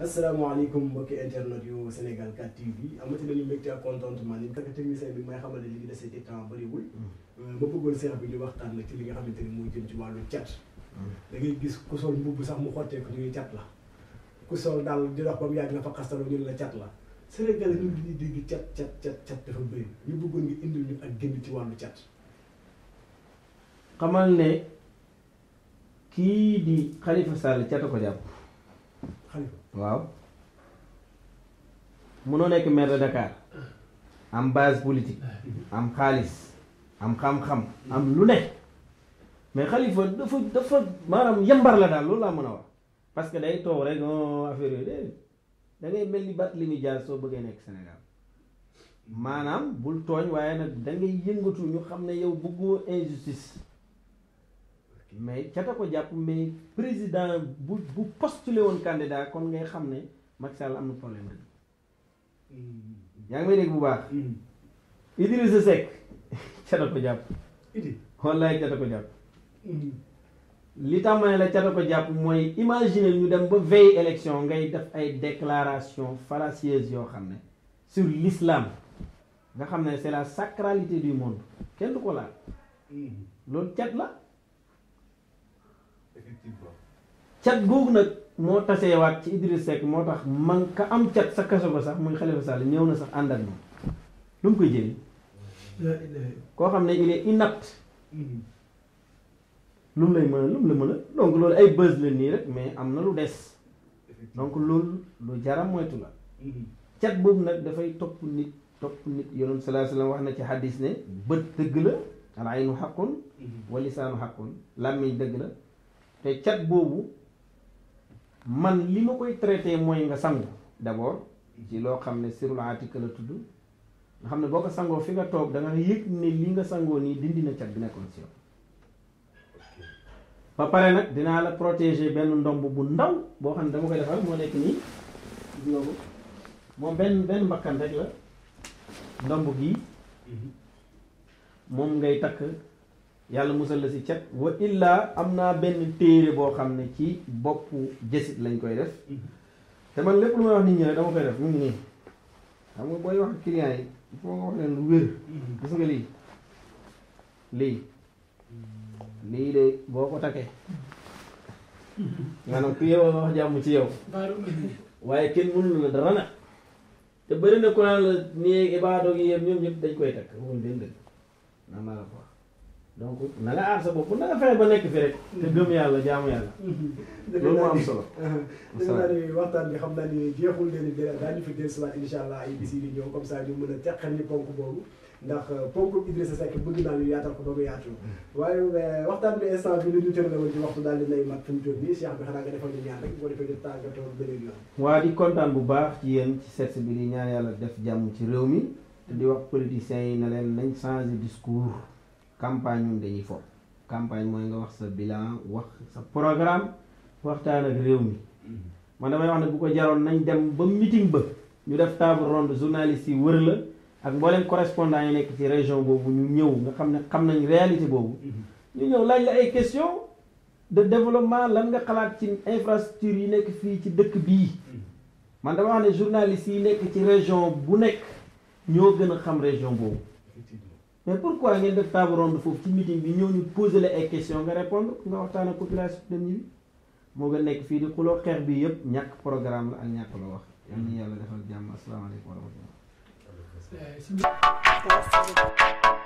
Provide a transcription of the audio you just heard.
asalaamaaleykum mbokki internet yu Sénégal 4 TV amati nañu mbégte ak contentement ni ak technicien bi may xamal ne li ñu dese ci temps bëriwul mm. ma bëggoon seex bi ñu waxtaan nag ci li nga xamante ni mooy jëm ci wàllu cat mm. da ngay gis ku sol mbubb sax mu xottee ko ñu cat la ku sol daal di dox ba mu yàgg nga fa xastaloo ñun la cat la Sénégal ñun li ñuy dégg cat cat cat dafa bëri ñu bëggoon ngi indi ñu ak génn ci wàllu cat Kamal ne kii di Khalifa Sall ta ko jàpp waaw munoo nekk maire Dakar am base politique am khalis. am xam-xam am lu nekk mais Khalifa dafa dafa maanaam yambar la daal loolu laa mën a wax parce que day toog rek non oh, affaire yooyu déedéet da ngay mel ni bat li muy jaar soo bëggee nekk Sénégal maanaam bul tooñ waaye nag da ngay yëngatu ñu xam ne yow bëggoo injustice mais ca ta ko jàpp mais président bu bu postulé woon candidat kon ngay xam ne Macky Sall am na problème dëgg mm. yaa ngi may dégg bu baax mm. Idrissa Seck ca ta ko jàpp wallaay ca ko jàpp mm. li tax la ca ta ko jàpp mooy imaginer ñu dem ba veille élection ngay def ay déclaration fallacieuses yoo xam ne sur l'islam nga xam ne c'est la sacralité du monde kenn du ko laal loolu cat la cat googu nag moo taseewaat ci Idriss moo tax man ka am cat sa kaso ba sax muy Khalifa Sall ñëw na sax ànd ak moom lu mu koy jëlee. koo xam ne il est inapte. Mm-hmm. lu mu lay mën lu mu la mën a loolu ay bës la nii rek mais am na lu des. donc loolu lu jaram moytu la. Mm-hmm. cat boobu nag dafay topp nit topp nit yoonu salaa wax na ci xaddis ne bët dëgg la al aynu xaqun. Mm-hmm. wa lisaanu xaqun làmmiñ dëgg la. te cat boobu man li ma koy traité mooy nga sangu d'abord ci loo xam ne sirul atika la tudd nga xam ne boo ko sangoo fi nga toog da nga yëg ne li nga sangoo nii dindi na cat bi nekkoon si yow ba pare nag dinaa la protéger benn ndomb bu ndaw boo xam ne dama koy defal moo nekk nii juróobu moom benn benn mbakkan rek la ndomb gii mhm. moom ngay takk yàlla musal la si cet wa Illa, am naa benn téere boo xam ne ci boppu jësit lañ koy def mm-hmm. te man lépp lu may wax nit ñi rek dama koy def mu ngi nii xam nga booy wax ak client yi il faut nga wax leen lu wér mm-hmm. gis nga lii lii mm-hmm. lii de boo ko takkee maanaam ku yow nga wax jàmm ci yow waaye kenn mënul la dara nag te bëri na ku naan la nii ibaado gi yëpp ñoom ñëpp dañ koy takk waxuñ benn dëgg naa naa la ko wax donc na nga aar sa bopp na nga fexe ba nekk fi rek. te gëm yàlla jaamu yàlla. am solo. dëgg naa ni waxtaan bi xam naa ni jeexul leen dara fi dellusiwaat incha allah ay bis yi di ñëw comme ça boobu. ndax euh, ponk Idrissa Seck bëgg naa ñu yaatal ko ba mu yaatu. waaye euh, waxtaan bi instant bi li ñu tërale woon ci waxtu bi xanaa nga defal ñu ñaan rek boo def kontaan bu baax ci yéen ci set bi di ñaan yàlla def jàmm ci réew mi te di wax politiciens yi na leen nañ changer discours campagne moom dañuy fo campagne mooy nga wax sa bilan wax sa programme waxtaan ak réew mi mm-hmm. man damay wax ne bu ko jaroon nañ dem ba meeting ba ñu def table ronde journaliste yi wër la ak mbooleem correspondant yi nekk ci région boobu ñu ñëw nga xam ne xam nañ réalité boobu mm-hmm. ñu ñëw laaj la ay question de développement lan nga xalaat ci infrastructure yi nekk fii ci dëkk bii mm-hmm. man dama wax ne journaliste yi nekk ci région bu nekk ñoo gën a xam région boobu mais pourquoi ngeen def table ronde foofu ci meeting bi ñoo ñu poser la ay question nga répondre nga waxtaan ak population dem ñi bi moo nga nekk fii di xuloo xeex bi yëpp ñàkk programme la ak ñàkk la wax yal na yàlla defal jàmm asalaamaaleykum wa rahmatullah